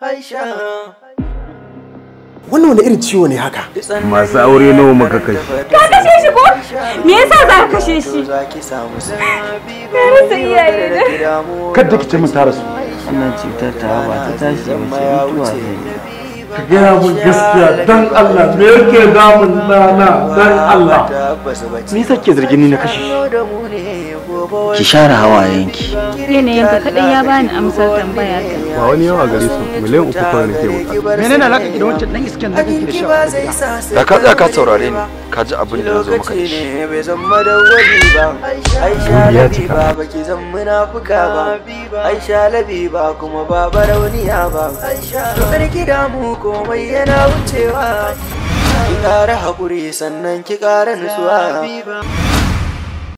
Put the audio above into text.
Wannan wani irin ciwo ne haka? Masu aure nawa muka kashe. Ka kashe shi ko? Me yasa za ka kashe shi? Ka rasa iyaye ne. Kada ki ce mun ta rasu. Wannan cutar ta ba ta tashi mace mutuwa zai yi. ka gaya mun gaskiya dan Allah me yake damun dana dan Allah me yasa ke zargin ni na kashe ki share hawayenki yanayin yanka kadan ya bani amsar tambaya ta ba wani yawa gare su miliyan uku kawai nake wuta menene alaka ki da wancan dan iskan da kake da shi da ka ka saurare ni ka ji abin da zo maka ne bai zan madawwali ba aisha labi ba baki zan munafuka ba aisha labi ba kuma ba barauniya ba to sarki mu komai yana wucewa ki kara haƙuri sannan ki kara nutsuwa